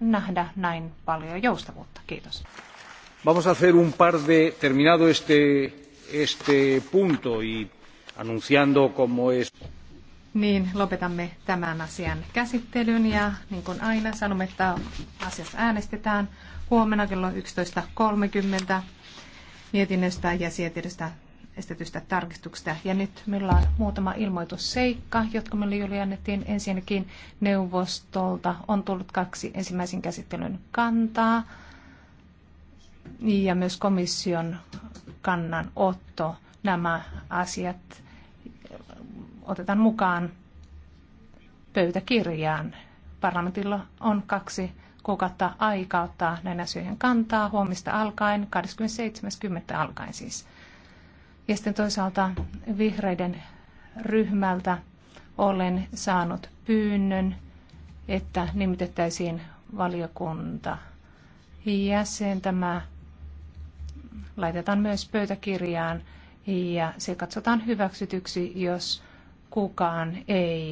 nähdä näin paljon joustavuutta. Kiitos. Vamos a hacer un par de terminado este, este punto y anunciando como es. Niin, lopetamme tämän asian käsittelyn ja niin kuin aina sanomme, että asiasta äänestetään huomenna kello 11.30 mietinnöstä ja sietinnöstä estetystä tarkistuksesta. Ja nyt meillä on muutama ilmoitusseikka, jotka meille juuri annettiin ensinnäkin neuvostolta. On tullut kaksi ensimmäisen käsittelyn kantaa ja myös komission kannanotto. Nämä asiat otetaan mukaan pöytäkirjaan. Parlamentilla on kaksi kuukautta aikaa ottaa näin asioihin kantaa huomista alkaen, 27.10. alkaen siis. Ja sitten toisaalta vihreiden ryhmältä olen saanut pyynnön, että nimitettäisiin valiokunta jäsen. Tämä laitetaan myös pöytäkirjaan ja se katsotaan hyväksytyksi, jos kukaan ei